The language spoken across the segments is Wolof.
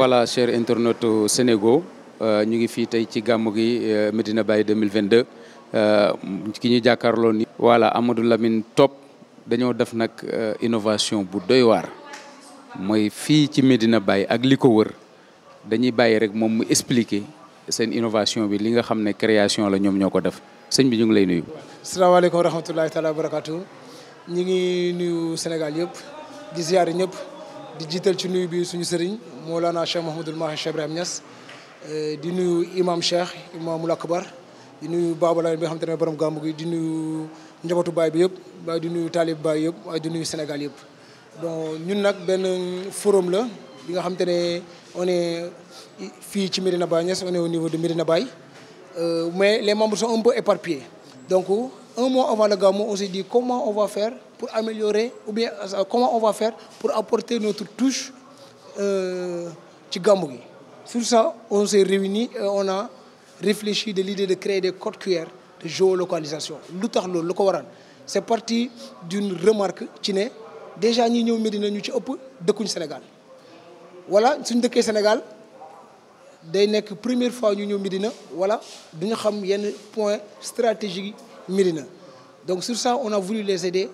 voilà chers internautes Sénégal euh, ñu ngi fii tey ci gàmmu gi euh, Medina Baye 2022 euh, ki ñu jàkkaarloo ni voilà Amadou Lamine Top dañoo def nag innovation bu doy waar mooy fii ci médina Baye ak li ko wër dañuy bàyyi rek moom mu expliquer seen innovation bi li nga xam ne création la ñoom ñoo ko def sëñ bi ñu ngi lay nuyu. ngi nuyu Sénégal yëpp di ziare ñëpp. di jiital ci nuyu bi suñu sëriñ Mawlana Cheikh Mouhamadul Mahi Cheikh Ibrahim Niass eh, di nuyu imam Cheikh imamul akbar di nuyu Baaba Laay bi nga xam te ne borom gàmmu gi di nuyu njabootu baay bi yëpp waaye di nuyu taalib baay yëpp waaye di nuyu Sénégal yëpp donc ñun nag benn forum la bi nga xam ne on fii ci Médina Baye Niass on est au niveau de Médina Baye euh, mais les membres sont un peu éparpillés donc un mois avant le gàmmu on s'est comment on va faire pour améliorer ou bien euh, comment on va faire pour apporter notre touche euh, ci gàmmu gi. Sur ça on s'est réunis et on a réfléchi de l'idée de créer des codes QR de géolocalisation lu tax loolu lu ko waral c'est parti d'une remarque ci ne déjà ñi ñëw Médina ñu ci ëpp dëkkuñ Sénégal wala suñ dëkkee Sénégal day nekk première fois ñu ñëw Médina wala duñu xam yenn point stratégique Médina donc sur ça on a voulu les aider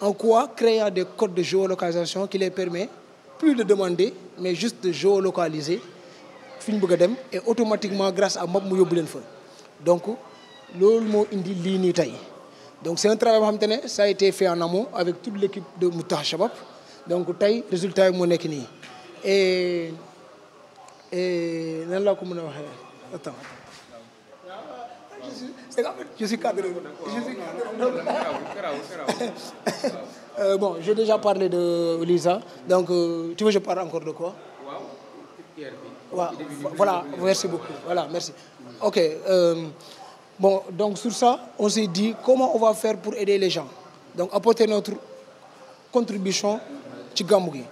En quoi Créant des codes de géolocalisation qui les permet plus de demander, mais juste de géolocaliser fi ñu bëgg dem et automatiquement grâce à map mu yóbbu leen fa donc loolu moo indi lii nii tey donc c'est un travail boo xamante ne sa a été fait en amont avec toute l'équipe de Moutah Shabab donc tey résultat yi moo nekk nii et et laa ko mën a waxee attends je suis cadreur je suis cadreur bon j'ai déjà parlé de Lisa donc euh, tu veux je parle encore de quoi waaw voilà merci beaucoup voilà merci ok euh, bon donc sur ça on s'est dit comment on va faire pour aider les gens donc apporter notre contribution ci gàmmu gi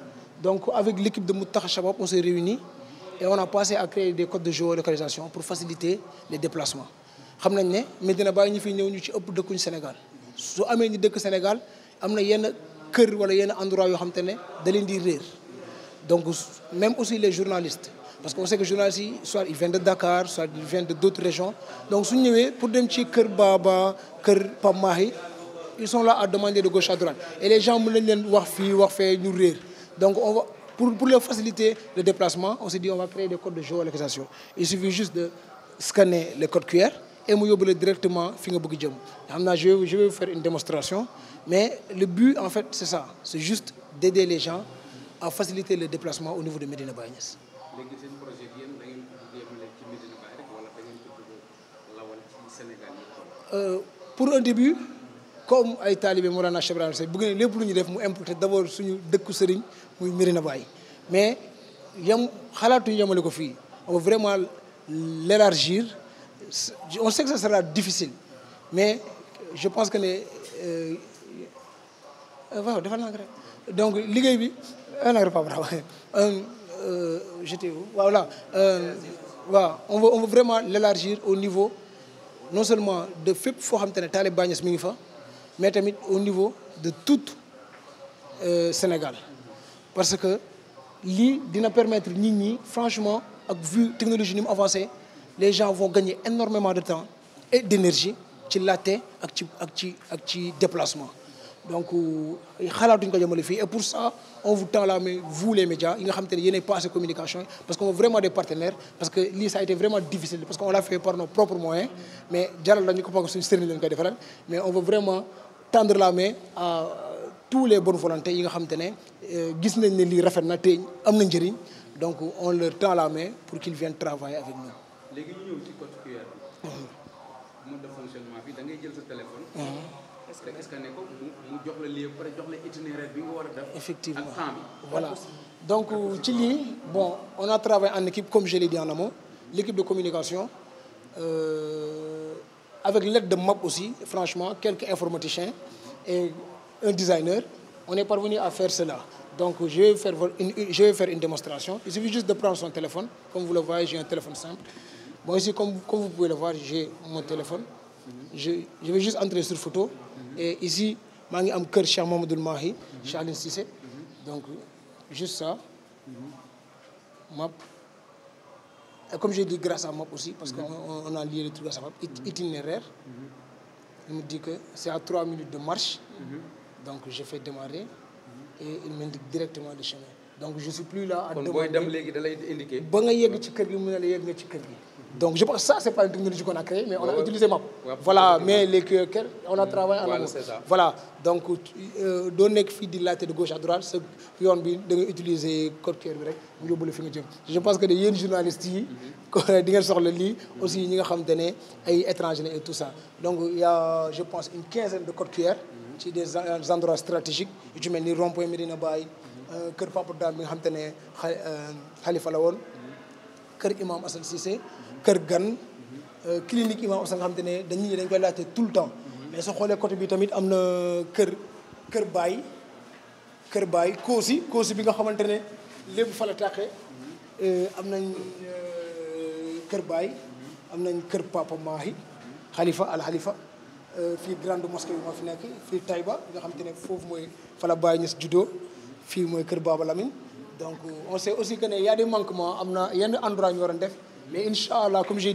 donc avec l'équipe de Moutakha Chabab on s'est réunis et on a passé à créer des codes de géolocalisation pour faciliter les déplacements xam nañ ne Medina Baye ñu fi ñëw ñu ci ëpp dëkkuñu Sénégal su amee ñu dëkk Sénégal am na yenn kër wala yenn endroit yoo xam te ne da leen di réer donc même aussi les journalistes parce que on sait que journalistes soit ils viennent de Dakar soit ils viennent de d'autres régions donc su ñëwee pour dem ci kër Baba kër Pape Mahi ils sont là à demander de gauche à droite et les gens mën nañ leen wax fii wax fee ñu réer donc on va pour pour leur faciliter le déplacement on s'est dit on va créer des codes de géolocalisation il suffit les codes QR et mu yóbbu directement fi nga bëgg jëm xam naa je je vais vous faire une démonstration mais le but en fait c'est ça c'est juste d'aider les gens à faciliter le déplacement au niveau de Médina Baye Niass. léegi euh, pour un début comme ay taalibe Mawlana Cheikh Ibrahima Seck bëgg nañ lépp lu ñu def mu importer d'abord suñu dëkku sëriñ muy Médina baay mais yam xalaatu yemale ko fii on vraiment l'élargir on sait que ce sera difficile mais je pense que ne euh, euh, waaw defal naa ko donc liggéey bi un engrais pas bravo waaw euh, on veut vraiment l'élargir au niveau non seulement de fépp foo xam te ne Taalib Bañes mi ngi fa mais tamit au niveau de tout euh, Sénégal parce que lii dina permettre nit ñi franchement ak vu technologie ni mu avancé les gens vont gagner énormément de temps et d'énergie ci laajte ak ci ak ci ci déplacement donc euh, xalaatuñ ko jëmale fii et pour ça on vous tend la main vous les médias yi nga xam ne yéenay passé communication yi parce qu'on a vraiment des partenaires parce que lii ça a été vraiment difficile parce qu'on l'a fait par nos propres moyens mais jaral la ñu ko foog suñu sëriñ lañ koy defaral mais on veut vraiment tendre la main à tous les bonnes volontés yi nga xam ne euh, gis nañ ne lii na te am na njëriñ donc on leur tend la main pour qu'ils viennent travailler avec léegi ñu ñëw ci code QR bi. Mhm. mode bi da ngay jël sa mhm. est-ce que est-ce que jox la lii pare jox la itinéraire bi nga war a def. effectivement donc euh, ci bon on a travaillé en équipe comme je l'ai dit en amont l'équipe de communication. Euh, avec l'aide de MAP aussi franchement quelque informaticiens et un designer on est parvenu à faire cela donc je vais faire une je vais faire une démonstration il suffit de prendre son téléphone comme vous le voyez j'ai un téléphone simple Moi aussi, comme, comme vous pouvez le voir, j'ai mon téléphone. Je, je vais juste entrer sur photo. Et ici, maa ngi am kër Cheikh Mamadou Mahi. Cheikh Alioune donc juste ça. map et comme j'ai dit grâce à map aussi parce que a lié le truc grâce à map itinéraire. il me dit que c'est à trois minutes de marche. donc je fais démarrer. et il m'indique directement le chemin. donc je suis plus là à. demander kon booy dem léegi da lay indiquer. ba nga yegg ci kër gi mu ne la ci kër gi. Donc je pense que ça, ce n'est pas une technologie qu'on a créée, mais on a ouais, utilisé MAP. Ouais, voilà, mais les QEQL, on a donc euh, doo nekk fii di laajte de gauche à droite sa yoon bi da nga utiliser code QR bi rek mu yóbbu la fi nga jëm. je pense que de yéen journalistes yi. Mhm. di ngeen soxla lii. aussi ñi nga xamante ne ay étrangers et tout ça. donc je pense une quinzaine de code QR. Mhm. ci des endroits stratégiques. yu ci mel ni rond-point Médina mhm. euh, kër Papa bi nga xamante ne xalifa euh, la woon. kër imam Assane se kër gan euh, clinique imam Assane nga xam ne dañuy dañ koy laajte tout le temps mais soo xoolee côté bi tamit am na kër kër baay kër baay koosi koosi bi nga xamante ne lépp fa la euh, am nañ euh, kër baay am nañ kër papa maahi xalifa al xalifa fii grande mosquée bi fi nekk fii Taïba nga xam ne foofu mooy fala la Baye si juddoo fii mooy kër Baba Lamine donc on sait aussi que ne y a des am na yenn endroit ñu waroon def mais incha allah comme j'ai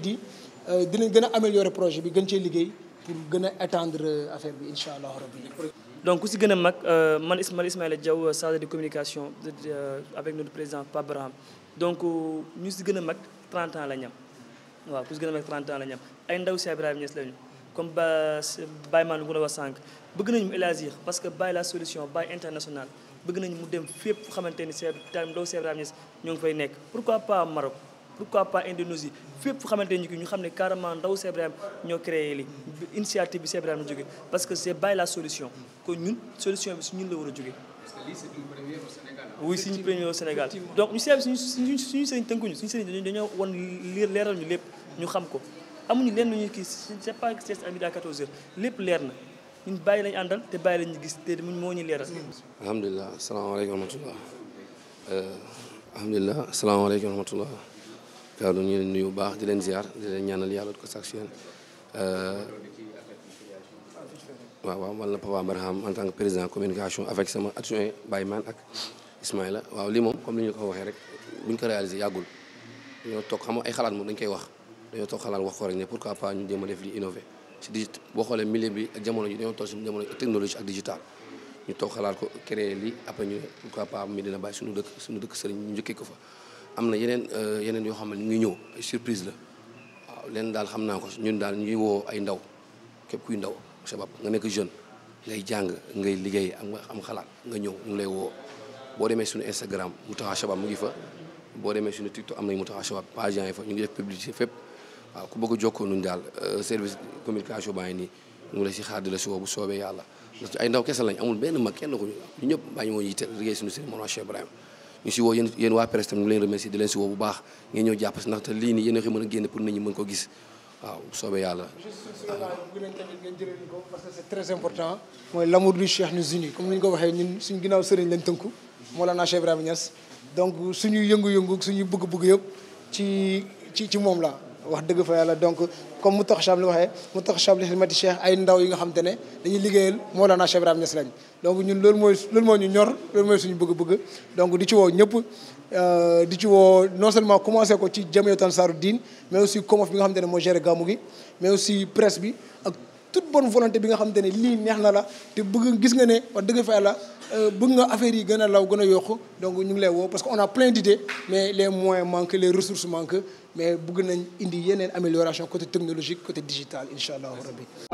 euh, dina dinañ gën a améliorer projet bi gën cee liggéey pour gën a étendre euh, affaire bi incha allah rabbi donc ku si gën a mag euh, man Ismaïla Ismaïla Diaw chargé de communication avec président Pape donc ñu si gën a mag 30 ans la waaw ku si gën a mag 30 ans la ay ndaw si Ibrahima Niass lañu comme ba Baye Manou ko wax sànq bëgg nañu mu élargir parce que Baye la solution Baye international bëgg nañu mu dem fépp xamante ni Cheikh Ndaw Cheikh Ibrahima Niass ñoo ngi fay nekk pourquoi pas Maroc pourquoi pas Indonésie fépp xamante ni ñu xam ne carrément Ndaw Cheikh Ibrahima ñoo créé li initiative bi Cheikh Ibrahima jóge parce que c'est Baye la solution ko ñun solution bi su ñun la war a jóge oui suñu premier au Sénégal donc ñu seet suñu suñu suñu sëriñ tënkuñu suñu sëriñ dañoo won liir leeral ñu lépp ñu xam ko amuñu lenn lu ñuy kii c'est pas lépp leer na ñun bàyyi lañ àndal te bàyyi lañ gis te moo ñu leeral. alhamdulilah asalaamaaleykum wa rahmatulah. Euh, alhamdulilah asalaamaaleykum wa rahmatulah. Kaaw ñu leen bu baax di leen ziar di leen ñaanal yàlla ko sax si yéen euh, waaw waaw man la Papa Barham en tant que président communication avec sama adjoint Baye Man ak Ismaïla waaw lii moom comme ni ñu ko waxee rek bu ñu ko réalisé yàggul dañoo toog xam ay xalaat moom dañ koy wax dañoo toog xalaat wax ko rek ne pourquoi pas ñu jéem a def lii innové. ci digit boo xoolee milieu bi ak jamono ji dañoo toll si jamono technologie ak digital ñu toog xalaat ko créer li après ñu ne pourquoi pas Medina Baye suñu dëkk suñu dëkk sëriñ ñu ko fa am na yeneen euh, yeneen yoo xam ne ñu ngi ñëw ay la waaw daal xam naa ko ñun daal ñuy woo ay ndaw képp kuy ndaw sabab nga nekk jeune ngay jàng ngay liggéey am am xalaat nga ñëw ñu lay woo boo demee suñu Instagram Moutakha Shabab mu ngi fa boo demee suñu TikTok am nañ Moutakha Shabab page yi fa ñu ngi def publicité fépp waaw ku bëgg a jokkoo nuñ daal euh, service communication baa ngi nii ñu ngi la si xaar di la si woo bu soobee yàlla parce que kese lañ amul benn mag kenn ko ñu ñëpp bàyyi moo yitte liggéey suñu sëriñ Mawlana Cheikh Ibrahima ñu si woo yéen yéen waa presse tam ñu leen remercier di leen a ko mën a génn pour nit ñi mën ko gis waaw comme ni ñu ko waxee ñun suñu ginnaaw sëriñ lañ tënku Mawlana Cheikh Ibrahima Niass yëngu-yëngu suñu bëgg-bëgg yëpp ci ci ci moom la wax dëgg fa yàlla donc comme mu tax chab li waxee mu tax chab li xilmati cheikh ay ndaw yi nga xam ne dañuy liggéeyal Mawlana Cheikh Ibrahima Niass lañ donc ñun loolu mooy loolu moo ñu ñor loolu mooy suñu bëgg-bëgg donc di ci woo ñëpp euh, di ci woo non seulement commencé ko ci Jamiyatu Ansaaru Diin mais aussi COMOF bi nga xam te ne moo géré gàmmu gi mais aussi presse bi ak toute bonne volonté bi nga xamante ne lii neex na la te bëgg gis nga ne wax dëgg fa yàlla euh, bëgg nga affaire yi gën a law gën a yokk donc ñu ngi lay woo parce que on a plein d'idées mais les moyens manquent les ressources manquent mais bëgg nañ indi yeneen amélioration côté technologique côté digital incha allahu rabbi